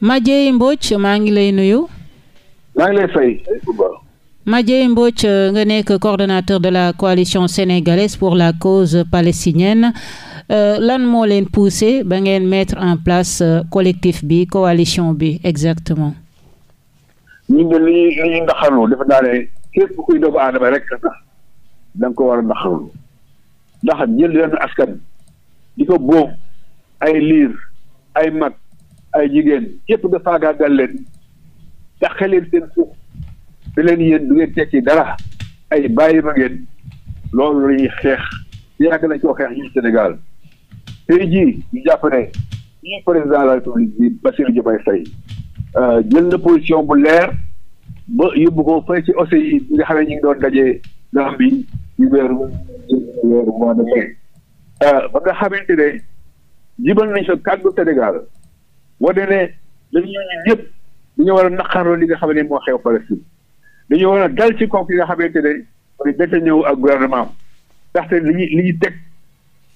Madieye Mbodj maa ngi lay nuyu. maa ngi lay fay. Madieye Mbodj nga nekk coordinateur de la coalition sénégalaise pour la cause palestinienne euh, lan moo leen poussé ba ngeen mettre en place euh, collectif bi coalition bi exactement. ñun de li ñuy li ñuy ndaxarlu dafa naa ne képp kuy aadama rek tax da ko war a ndaxarlu jël leen askan di ko boobu ay liir ay mag. ay jigéen yëpp nga faagaagal leen taxaleen seen suuf di leen yéen du ngeen tekki dara ay bàyyi ma ngeen loolu la ñuy xeex yàgg nañ koo xeex yi Sénégal tey jii ñu jàpp ne président la république bi Bassirou Diomaye Faye euh, jël na position bu leer ba yóbbu ko fay ci OCI yi nga xam ne ñu ngi doon dajee Gambie ci weeru weeru mois de mai euh, ba nga xamante ne jibal nañ sa kàddu Sénégal wane ne dañoo ñu ñëpp dañoo war a naqaroo li nga xam ne moo xew Palestine dañoo war a dal ci kaw ki nga xamante ne mooy ak gouvernement am ndaxte li ñu li ñu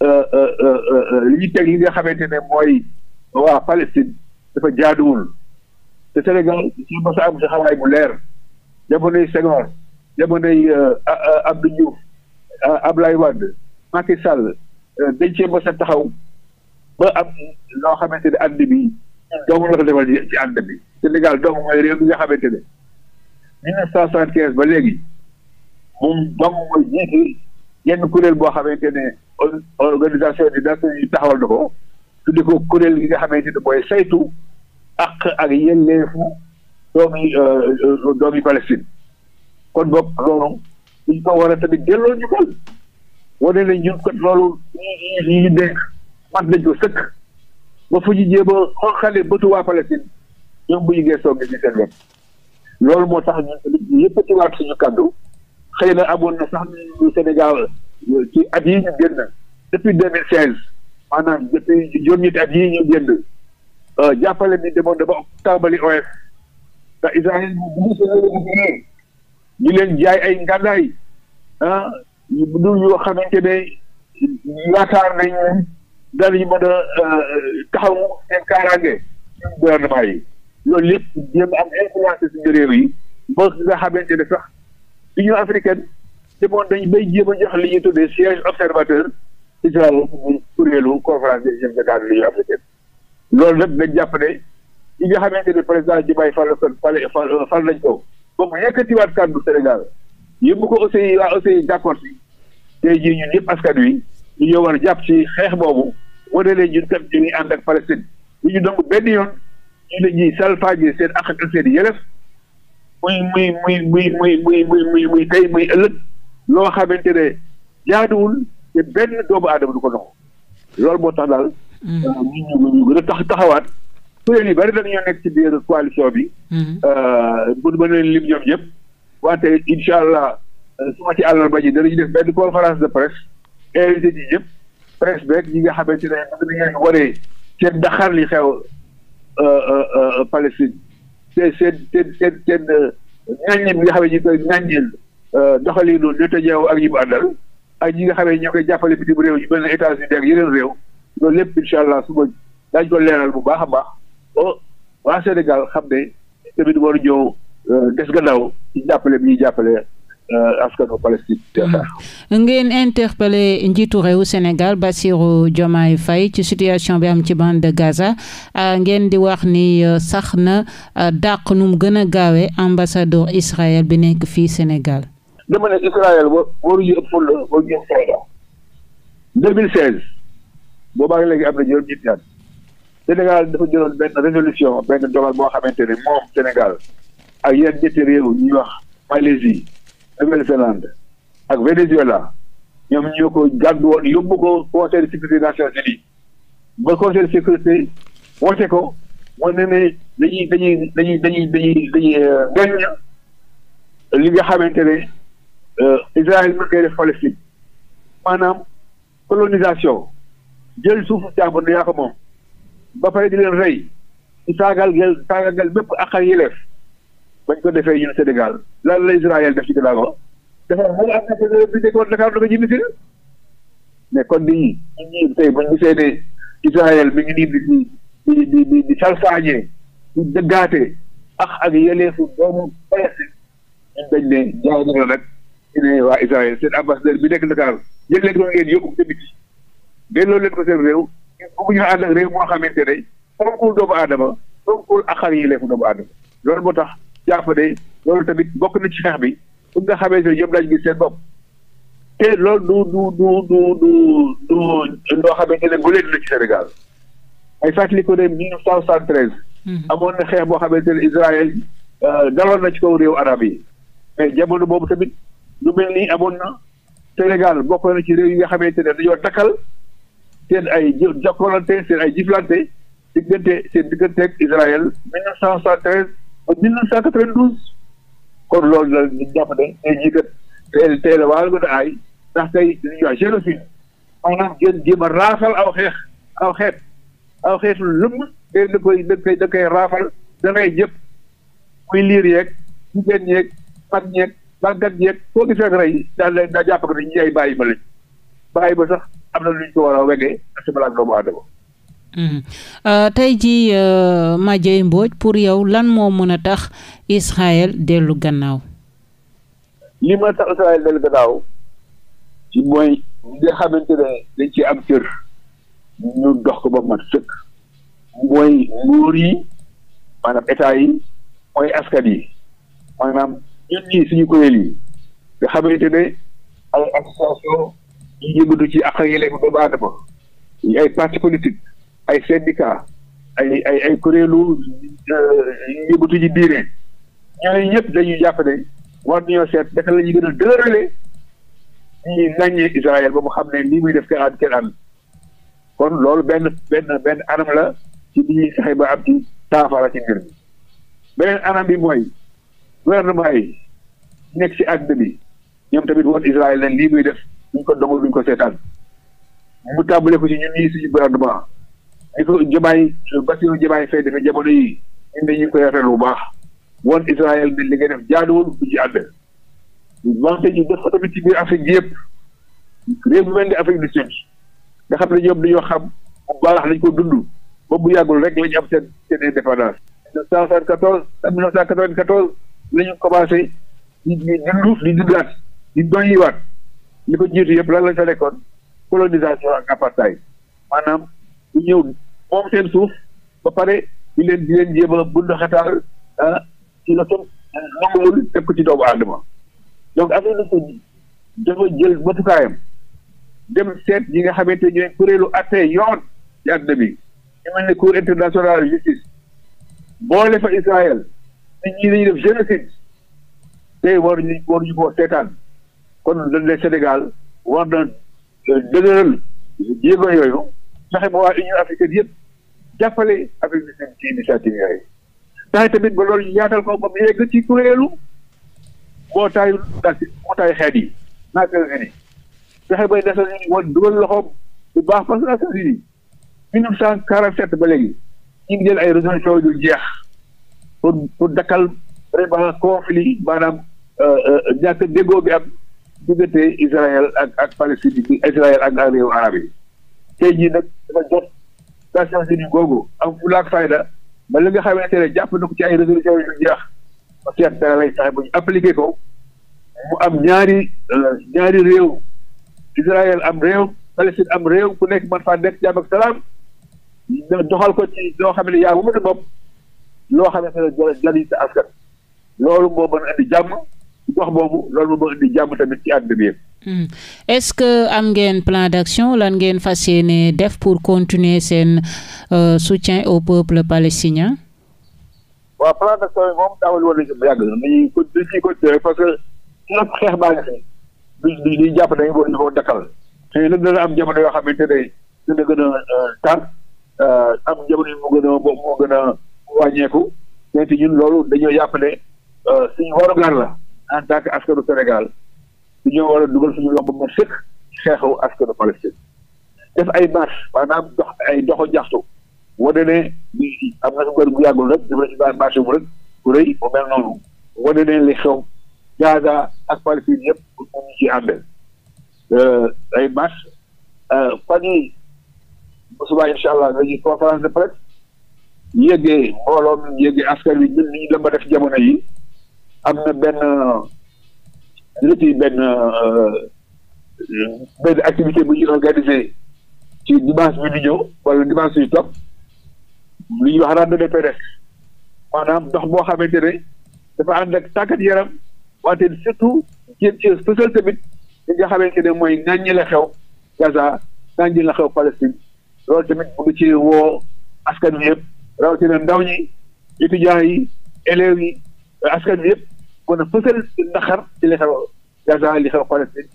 euh, euh, euh, teg li nga xamante ne mooy waa Palestine dafa jaaduwul te Sénégal si mos a am si xawaay bu leer jamonoy Senghor jamonoy Abdou Diouf Ablaye Wade Macky dañ cee mos taxaw ba am loo xamante ne ànd bi doomu la ko defal ci ànd bi Sénégal doomu mooy réew mi nga xamante ne mille neuf cent soixante quinze ba léegi moom doomu mooy jiiti yenn kuréel boo xamante ne organisation des Nations Unies taxawal ko tudde kuréel gi nga xamante ne mooy saytu ak ak yelleefu doomi euh, Palestine kon boog loolu ñu ko war a tamit delloo ñu ko wane ne loolu ñu ñu ko sëkk ba fu ñu jéem a xonqale bëtu waa Palestine ñoom bu ñu gëstoo gis seen bopp loolu moo tax ñun na amoon na sax ñu Sénégal ci at yi ñu génn depuis deux mille maanaam depuis juróom-ñetti at yi ñu génn euh, jàppale ni demoon na ba tàmbali OF te Israël bu ñu leen jaay ay ngànnaay ah du ñu xamante ne yaakaar nañ leen. danañu mën a euh, taxaw seen kaaraange yi loolu lépp jéem am influence suñu réew yi ba nga xamante ne sax Union africaine demoon dañ bay jéem a jox li ñuy tuddee siège observateur ci sa kuréelu conférence des chefs d'État africaine loolu nag dañ jàpp ne yi nga xamante ne président Diomaye Faye fal fal fal nañ ko ba mu yëkkatiwaat kàddu Sénégal yëpp ko aussi waa aussi d'accord si tey jii ñun ñëpp askan wi ñu ñoo war a jàpp ci xeex boobu wane leen ñun tam ñu ngi ànd ak Palestine bu ñu dong benn yoon ñu ne ñuy salfaaje seen ak ak seen yelef muy muy muy muy muy muy muy muy muy muy ëllëg loo xamante ne jaaduwul te benn doomu aadama du ko dox loolu moo tax daal. Mm. Euh, ñu ñu gën a tax taxawaat. kuréel yi bari dañoo nekk ci biir coalition bi. Mm. Euh, bu mën leen lim ñoom ñëpp. wante incha allah euh, su ma ci àllal ba ji danañu def benn conférence de presse invité ji ñëpp. presse beeg ñi nga xamante ne ni ngeen waree seen daxar li xew euh, euh, euh, Palestine seen seen seen seen seen ñaññi bi nga ñi ne ñu koy ñaññil doxalinu Netanyahu ak ñi mu àndal ak ñi nga xam ne ñoo koy jàppale bitim réew yu mel ne États-Unis ak yeneen réew loolu lépp incha allah suba daañu ko leeral bu baax a baax oh waa Sénégal xam ne tamit war des gannaaw ci jàppale bi ñuy jàppale. Euh, askanu hmm. ngeen interpellé njiitu réewu Sénégal Bassirou Diomaye fay ci situation bi am ci bande de Gaza euh, ngeen di wax ni euh, sax na dàq nu mu gën a gaawee ambassadeur bi nekk fii Sénégal. dama ne Israël waruñu ëpp ful la waruñu ëpp juróom benn résolution benn dogal boo xamante ne moom Sénégal ak yeneen ñetti réew ñuy wax Malaisie. Nouvelle-Zélande ak Venezuela ñoom ñoo ko gàddu woon yóbbu ko conseil de sécurité des nations unies ba conseil de sécurité woote ko moo ne ne dañuy dañuy dañuy dañuy dañuy dañuy euh, gañ li nga xamante ne euh, Israël mi koy def Palestine maanaam colonisation jël suufu jàmbur ne yaa ko ba pare di leen rey di saagal gel saagal gel bépp ak ak bañ ko defee ñun Sénégal lan la Israël def ci Dakar dafa am wala am na solo mais kon nii ñun ñii tey mi ngi di di di di di salfaañee di dëggaate ak doomu Palestine ñun dañ waa Israël seen ambassadeur bi nekk Dakar jël leen ko ngeen yóbbu ak réew moo xamante ne fonkul doomu aadama fonkul ak loolu moo tax. jàpp ne loolu tamit bokk na ci xeex bi pour nga xamee ne ñoom lañ gis seen bopp te loolu du du du du du du loo xamante ne bu leen la ci Sénégal ay fàttaliku ne mille neuf cent soixante-treize mhm. amoon na xeex boo xamante ne Israël euh, daloon na ci kaw réew arab yi mais jamono boobu tamit lu mel nii amoon na Sénégal bokk na ci réew yi nga xamante ne dañoo takkal seen ay jokkalante seen ay jiflante diggante seen diggante ak ba mille neuf cent quatre douze kon loolu la ñu jàpp ne tey jii kat teel teel waal gën a aay ndax tey li ñuy raafal aw xeex aw xeet aw xeet lu te da koy da koy da raafal da ngay jëpp muy liir yeeg jigéen yeeg mag ñeeg màggat yeeg foo gisee ak rey daal leen daa jàpp ko dañuy ay bàyyi ma lañ bàyyi ba sax am na lu ñu ko war a wegee ak si balaa doomu aadama Mm. Euh, tey jii euh, Madieye Mbodj pour yow lan moo mën a tax Israël dellu gannaaw. li ma tax Israël dellu gannaaw ci mooy nga xamante ne dañ ci am cër ñu dox ko ba mat sëkk mooy nguur yi maanaam état yi mooy askan yi maanaam ñun ñii suñu kuréel yi nga xamante ne ay association yi yëngatu ci ak yelleefu doomu aadama yi ay parti politique ay syndicat ay ay ay kuréelu euh, yëngatu ji diine ñooñu ñëpp dañuy jàpp ne war nañoo seet naka la ñu gën a dëgëralee ñuy naññee Israël ba mu xam ne lii muy def kenn ànd kenn ànd benn benn benn anam la ci bi ñuy fexe bi mooy gouvernement yi nekk ci àdduna bi ñoom tamit woon Israël ne lii muy def duñ ko dogal duñ ko seetaan mu tàmbale ko ci ñun ñii suñu gouvernement li ko Diomaye Bassirou Diomaye Faye defee jamono yi ñun dañuy koy rafetlu bu baax woon Israël bi li nga def jaaduwul bu ci ànd wante ñu def ko tamit ci Afrique bi yëpp réew bu mel ni Afrique du Sud nga xam ne ñoom dañoo xam bu baax lañ ko dund ba bu yàggul rek lañu am seen seen indépendance. 1974 1994 la ñu commencé di di dund di dundaat di doyiwaat li ko jiitu yëpp lan lañ fa nekkoon colonisation ak apartheid maanaam moom seen suuf ba pare ñu leen di leen bund xataal ah ci ah, ko ci doomu aadama donc affaire la ko dafa jël matukaayam dem seet ñi nga xamante ñooy kuréelu ate yoon ci àdduna bi ñu mel ne cour internationale justice boole fa Israël nit ñi dañuy def génocide tey waruñu waruñu koo seetaan kon dañ ne Sénégal war na euh, dëgëral jéego yooyu fexe ba waa Union africaine yëpp jàppale avec bi ci initiative yooyu taxe tamit ba loolu yaatal ko ba mu yegg ci kuréelu mbootaayu ndax mbootaayu xeet yi Nations Unies fexe bay Nations Unies woon bu baax parce que Nations ba léegi ñu ngi jël ay résolution yu jeex pour pour dakkal vraiment conflit maanaam euh, euh, ñàkk déggoo bi am diggante Israël ak ak Palestine bi Israël ak ak réewu arab yi tey jii nag dafa jot Nations Unies googu am fu laak fayda ba li nga xamante ne jàpp na ko ci ay résolution yu jeex ba seet dara lay fexe ba ñu appliqué am ñaari euh, ñaari réew Israël am réew Palestine am réew ku nekk man faa nekk jàmm ak salaam doxal ko ci loo xam ne yaa bu mën a bopp loo xamante ne jëriñ sa askan loolu moo mën a indi jàmm gox boobu loolu moo mën a indi jàmm tamit ci àddina bi yëpp Mmh. est-ce que am ngeen plan d'action lan ngeen fas yéene def pour continuer seen euh, soutien au peuple palestinien. waaw plan d'action bi moom daawul xeex baa ngi fi duñ duñ jàpp nañu ko dañu te lépp dana am jamono yoo xamante ne dina gën a euh, tar euh, am jamono yu mu gën mu gën a wàññeeku te ñun loolu dañoo jàpp ne euh, suñu warugar la en tant que Sénégal. dañoo war a dugal suñu loxo ba sëkk xeexu askanu Palestine def ay marche maanaam dox ay doxo jaxtu wone ne am na kër bu yàggul rek def na ci daan marché bu rek bu rëy bu mel noonu wane ne li xew Gaza ak Palestine yépp pour ñu ci àndal euh, ay marche euh, fan yii bu subaa incha allah dañuy de presse yéegee mbooloo mi yéegee askan wi ñun def jamono yi am na benn. dina ci benn euh, benn activité bu ñuy organisé ci dimanche bi di ñëw wala dimanche yu topp lu ñuy wax randonnée pédestre maanaam ndox boo xamante ne dafa ànd ak tàggat yaram wante surtout jéem ci fësal tamit li nga xamante ne mooy ŋàññi la xew Gaza ŋàññi la xew Palestine loolu tamit bu ci woo askan wi yëpp rawatina ndaw ñi étudiants yi élèves yi askan wi yëpp kon a fësal naqar ci li xew Gaza li xew Palestine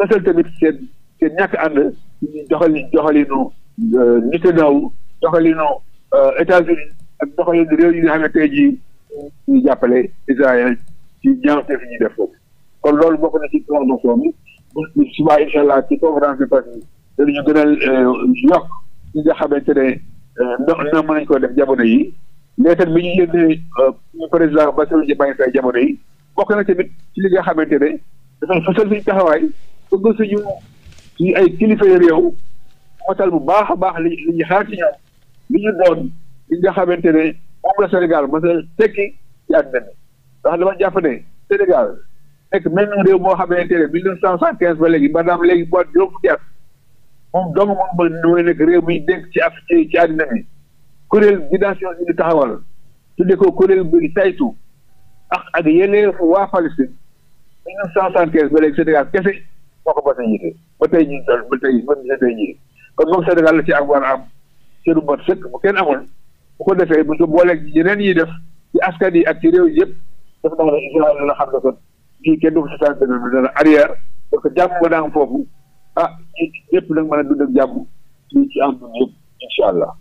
fësal tamit seen seen ñàkk ànd ñu doxali doxalinu euh, Netanyahu doxalinu euh, États-Unis ak doxalinu réew yi nga xam ne tey jii ñu jàppale Israël ci ñaawteef yi ñuy def foofu kon loolu bokk na ci plan bi subaa incha ci conférence de presse bi danañu gën a euh, yokk ñi nga xamante ne na mën nañ ko def jamono yi leetar bi ñu yónnee président Bassirou Diomaye Faye jamono yi bokk na tamit li nga xamante ne dafay fasal suñu taxawaay bëgg suñu suñu ay kilifa yu réew motal bu baax a baax li li ñu xaar ci ñoom li ñu doon li nga xamante ne moom la Sénégal mos a tekki ci àddina ndax dama jàpp ne Sénégal nekk même réew moo xam ne mille neuf cent soixante quinze ba léegi maanaam léegi boo juróom fukki at moom dong nekk réew mi nekk ci Afrique ci àddina bi kuréel bi Nations Unies taxawal tudde ko kuréel bi saytu ak ak yeneen waa Palestine mille neuf cent soixante-quinze ba léegi Sénégal kese ko ba ji doon ba la ci ak war a am cëru bot bu kenn amul bu ko defee bu ñu yi def ci askan yi ak ci réew yëpp def naa la xam ne kon kii kenn du que jàmm ba naa am foofu ah ñëpp nag mën a dund ak jàmm ci ci am yëpp incha allah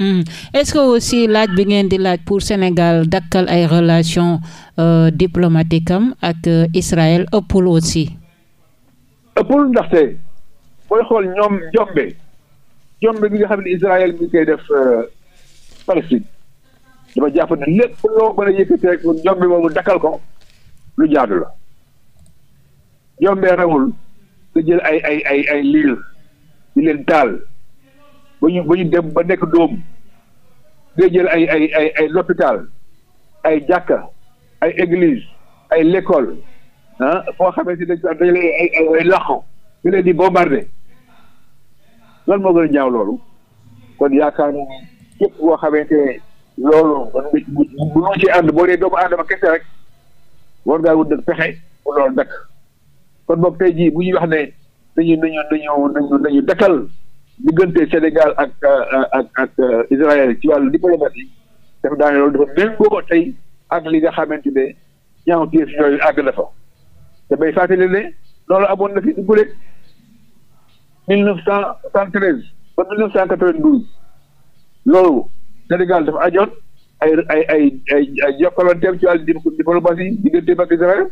Mmh. Est-ce que aussi laaj bi ngeen di laaj pour Sénégal dakkal ay relation euh, diplomatique am ak euh, Israël ëppul aussi ëppul ndaxte booy xool ñoom njombe njombe bi nga xam ne Israël mi koy def euh, Palestine dama jàpp ne lépp loo mën a yëkkatee ak njombe moomu dakkal ko lu jaadu la njombe rawul nga jël ay ay ay ay liir leen taal ba ñu ba ñu dem ba nekk dóom day jël ay ay ay ay l'hôpital ay jàkka ay église ay l'école ah foo xamee si dañ dañ lay ay ay làqu ñu leen di bombardé lan moo gën a ñaaw loolu kon yaakaar naa képp koo xamante ne loolu mënoo ci ànd boo dee doomu aadama kese rek war ngaa wut nag pexe loolu dakk kon boog tey jii bu ñuy wax ne dañu dañu dañu dañu dañu dakkal diggante Sénégal ak euh, ak ak euh, Israël ci wàllu diplomatie dafa daane loolu dafa méngoo tey ak li nga xamante ne ñaaw téef yooyu àgg na fa te bay fàttali ne loolu amoon na fi duggule mille neuf cent cent ba mille neuf cent quatre-vingt-douze loolu Sénégal dafa ajoon ay ay ay ay jokkalanteem ci wàllu diplomatie diggante ak Israël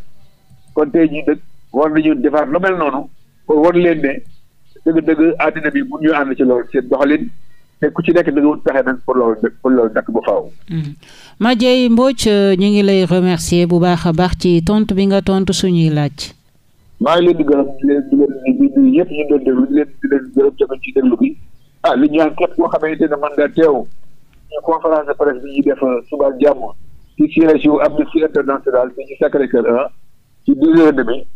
kon tey jii dëkk war nañu defaat lu mel noonu pour war leen ne dëgg-dëgg àddina bi bu ñu ànd ci loolu seen doxalin te ku ci nekk da nga wut pexe nag pour loolu pour loolu nag bu faaw. Mm-hmm. Madieye Mbodj euh, ñu ngi lay remercier bu baax a baax ci tontu bi nga tontu suñuy laaj. maa ngi leen di gërëm di leen di leen di nuyu ñëpp ñu doon déglu di leen di leen gërëm tamit ci déglu bi ah li ñu naan képp koo xamante ne mën nga teew ñu conférence de presse bi ñuy def euh, suba jàmm ci siège yu Amnesty International bi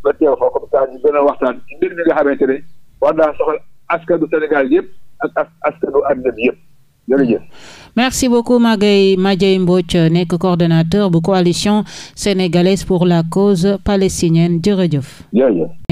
ba teew fa comme ça ñu gën a waxtaan ci mbir mi nga xamante ne. war naa soxal askanu Sénégal yëpp ak ak askanu àddina bi yëpp jërëjëf. merci beaucoup Magaye Madiaye Mbodj nekk coordonnateur bu coalition sénégalaise pour la cause palestinienne jërëjëf.